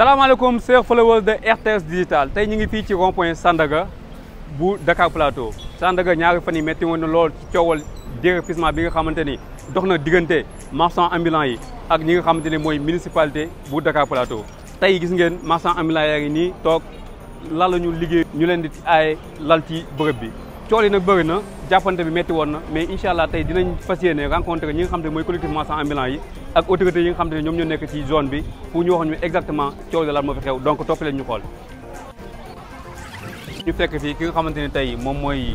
salaamaaleykum chers followers de RTS Digital tey ñu ngi fii ci rond point Sandaga bu Dakar Plateau Sandaga ñaari fan yi métti na lool ci coowal déguerpissement bi nga xamante ni dox na diggante marchand ambulant yi ak ñi nga xamante ni mooy municipalité bu Dakar Plateau tey gis ngeen marchand ambulant yaa ngi nii toog lan la ñu liggéey ñu leen di aaye lal ci bërëb bi cool yi nag bëri na jàppante bi metti woon na mais incha allah tey dinañ fas yéene rencontré ñi mooy collectif marchand ambulant yi ak autorités yi nga xam ne ñoom ñoo nekk ci zone bi pour ñu wax ñu exactement cool yi lan moo fi xew donc topp leen ñu xool ñu fekk fii ki nga xamante ne tey moom mooy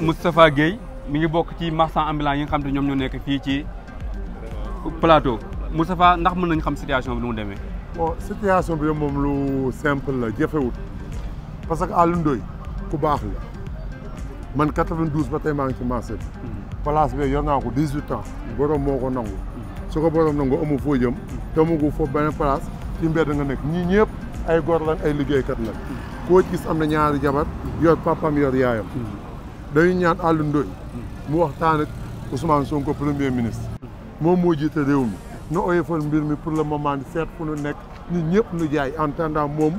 Moustapha Guèye mu ngi bokk ci marchand ambulant yi nga xam ne ñoom ñoo nekk fii ci plateau Moustapha ndax mën nañ xam situation bi nu mu demee bon situation bi moom lu simple la jafewut parce que Alioune Ndoye baax la man 92 ba tey maa ngi ci marché bi. place bi yor naa ko 18 ans. borom moo ko nangu. su ko borom nangu amul foo jëm. te amagu foofu benn place ci mbedd nga nekk ñii ñëpp ay góor lan ay liggéeykat la. koo gis am na ñaari jabar. yor papam yor yaayam. dañu ñaan Alioune Ndoye mu waxtaan ak Ousmane Sonko premier ministre. moom moo jiite réew mi. na oyofal mbir mi pour le moment seet fu nu nekk nit ñëpp nu jaay en attendant moom.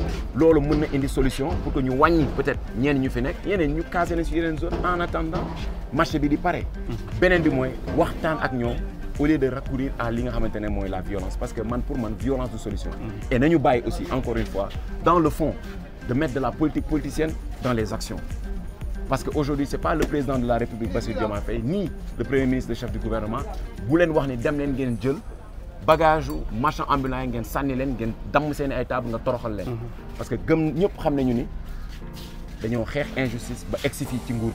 loolu mën na indi solution pour que ñu wañi peut-être ñenn ñu fi nek ñeneen ñu casser na si yeneen zone en attendant marché bi di paré benen bi moy waxtaan ak au lieu de recourir à li nga xamantene moy la violence parce que man pour man violence de solution. Mhm. et nañu bàyyi aussi encore une fois dans le fond de mettre de la politique politicienne dans les actions. parce qu'aujourd'hui c'est pas le président de la République Bassir Diomaye Faye ni le premier ministre le chef du gouvernement bu leen wax ni dem leen ngeen jël bagage marchand ambulant ngén ngeen len ngén dam sen ay table nga toroxal len mhm. parce que gëm ñëpp xam nañu ni dañoo xeex injustice ba egsi fii ci nguur.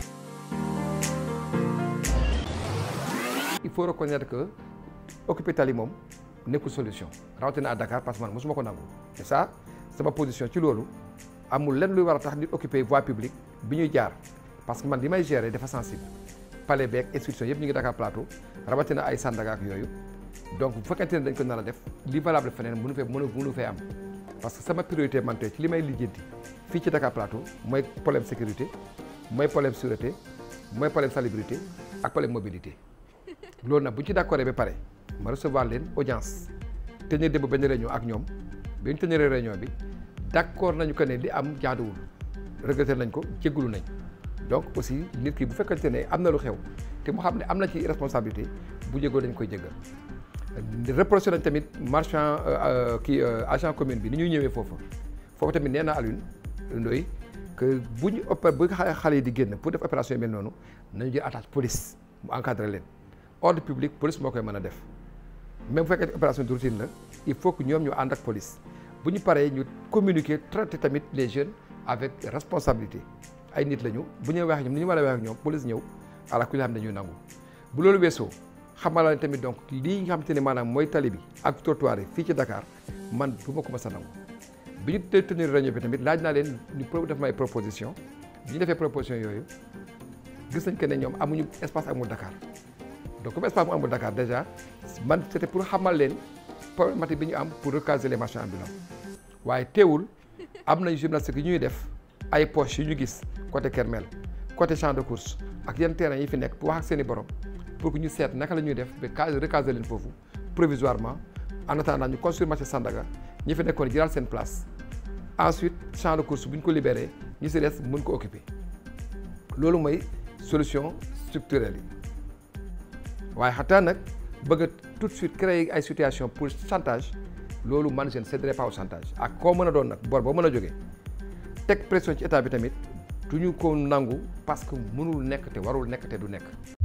il faut reconnaître que occuper tali mom nekkul solution rawatina à Dakar parce que man mosuma ko nangu c'est ça c'est ma position ci lolu amul len luy wara tax di occuper voie publique biñu jaar parce que man li gérer dafa sensible palais beeg institution yépp ñu ngi Dakar plateau rawatina ay Sandaga ak yoyu donc bu fekkente ne dañ ko nar a def li valable feneen mënu fee mënu mënu fee am parce que sama priorité man tey ci li may lijjanti fii ci Dakar Plateau mooy problème sécurité mooy problème sûreté mooy problème salubrité ak problème mobilité loolu nag bu ñu ci d'accord ba pare ma recevoir leen audience te ñu dem benn réunion ak ñoom bi ñu tëjee réunion bi d'accord nañu ko ne li am jaaduwul regretté nañ ko jéggalu nañ donc aussi nit ki bu fekkante ne am na lu xew te mu xam ne am na ci responsabilité bu jégoo dañ koy jéggal reproché nañ tamit marchand qui euh, euh, euh, agent commune bi ni ñuy ñëwee fofu foofu tamit néna alune ndoy que buñu ñu opé bu xalé di génn pour def opération yi mel noonu nañu jël attache police mu encadrer leen ordre public police moo koy mën def même fekk opération de routine la il faut que ñom ñu ànd ak police buñu paré ñu communiquer traiter tamit les jeunes avec responsabilité ay nit lañu buñu wax ñu ni ñu war wax ñom police ñëw ala ku ñu xam dañuy nangu bu loolu wesso xamal ne tamit donc lii nga xamante ne maanaam mooy tali bi ak trottoir yi fii ci Dakar man du ma ko sa a nangu bi ñu te tenir réunion bi tamit laaj naa leen ñu pro def may proposition bi ñu defee proposition yooyu gis nañ que ne ñoom amuñu espace amul Dakar donc comme espace mu amul dakaar déjà man c'était pour xamal leen problématique bi ñu am pour recaser les marchands ambulants waaye teewul am na gymnastique yu ñuy def ay poches yu ñu gis côté Kermel côté champ de ak yenn terrain yi fi nekk pour wax ak borom. foofu ñu seet naka la ñuy def ba recaser leen foofu provisoirement en attendant ñu construire marché Sandaga ñi fi nekkoon jëlaat seen place ensuite champ de course bu ñu ko libéré ñu si des mën ko occuper loolu mooy solution structurelle yi waaye xataa bëgg tout de suite créer ay situation pour chantage lolu man je ne céderai pas au chantage ak ko mën don nak bor bo mën a tek pression ci état bi tamit du ko nangu parce que mënul nekk te warul nekk te du nekk.